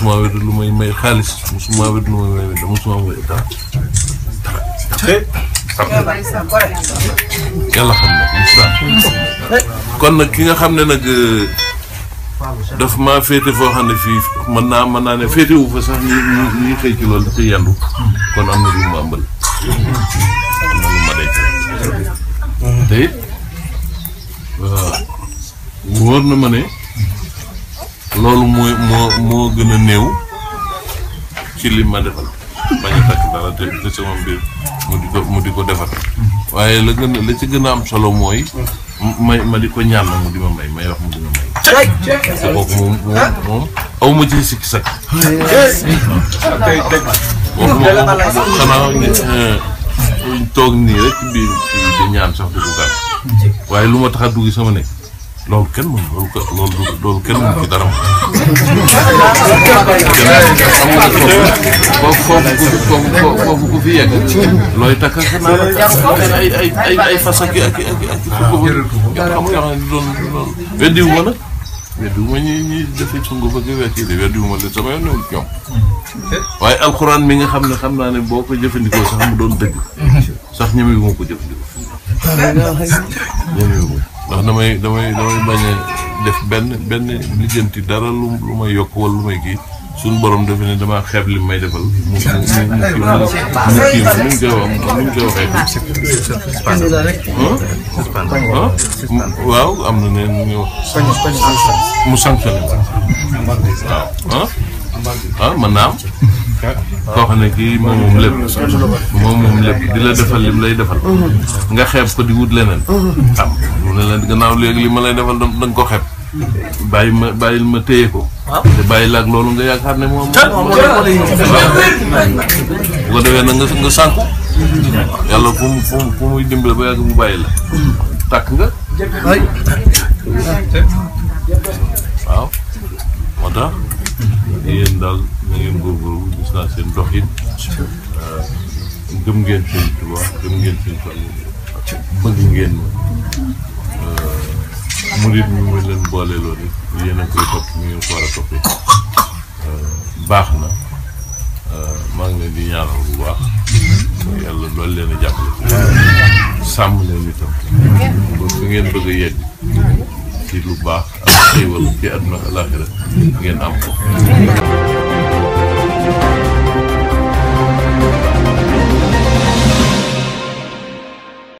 musuma wedd lu may may xaalis musuma wedd lu may may musuma am wedd dara dara yàlla xam na kon nag ki nga xam ne nag eh, daf maa féete foo xam ne fii mën naa mën naa ne féete wu fa sax ñu ñu ñu xëy ci loolu dafa yendu kon am na lu ma ambal am na lu ma denc te it waaw eh, wóor na ma ne loolu mooy moo moo gën a néew ci li ma defal bañ a takk dara te te sama mbir mu di ko mu di ko defal waaye la gën la ci gën a am solo mooy may ma di ko ñaan mu di ma may may wax mu di ma may. te kooku moom moom ci sikki sakk. waxuma ko xanaa eh, toog nii rek di di ñaan sax di ko waaye lu ma tax a dugg sama nekk. loolu kenn mënu loolu loolu kenn mënu ci dara moom. foofu foofu foofu ku fi yegg. looy takk ak naan ay ay ay ay fas ak ak ak ah, weddi wu ma nag weddi wu ma ñi ñi defee sunguf ak wekk yi weddi wu ma leen sama yoon newul ñoom waaye alxuraan mi nga xam ne xam naa ne boo ko jëfandikoo sax mu doon dëgg. sax ñeme wu ma ko jëfandikoo. ñeme wu ma ndax damay damay damay bañ a def benn benn lijjanti dara lu lu may yokk wala lu may kii suñ boroom dafa ne damaa xeeb li may defal. mu mu mu kii mu mu koy waaw am na ne mu sanctionné waaw mën naa am koo xam ne kii moom moom lépp di la defal lim lay defal nga xeeb ko di wut leneen mu ne leen gannaaw léegi li ma lay defal da nga ko xeeb. ma bàyyil ma téye ko. te bàyyi laag loolu nga yaakaar ne moom. moom bu ko defee nag nga nga sànku. yàlla fu mu fu mu fu muy ba yàgg mu bàyyi la. tàkk nga. waaw moo tax. yéen daal na ngeen góorgóorlu gis naa seen doxin. gëm ngeen seen tubaab gëm ngeen seen tool bëgg ngeen ma. murit mi mu leen boole loolu it yéen a koy topp ñu ngi ko war a toppee euh, baax na euh, maa ngi leen di ñaanal bu baax yàlla loolu leen a jàppale sàmm leen itam ba fi ngeen bëgg a yegg ci lu baax ak xéewal ci àdduna ak alaaxira ngeen am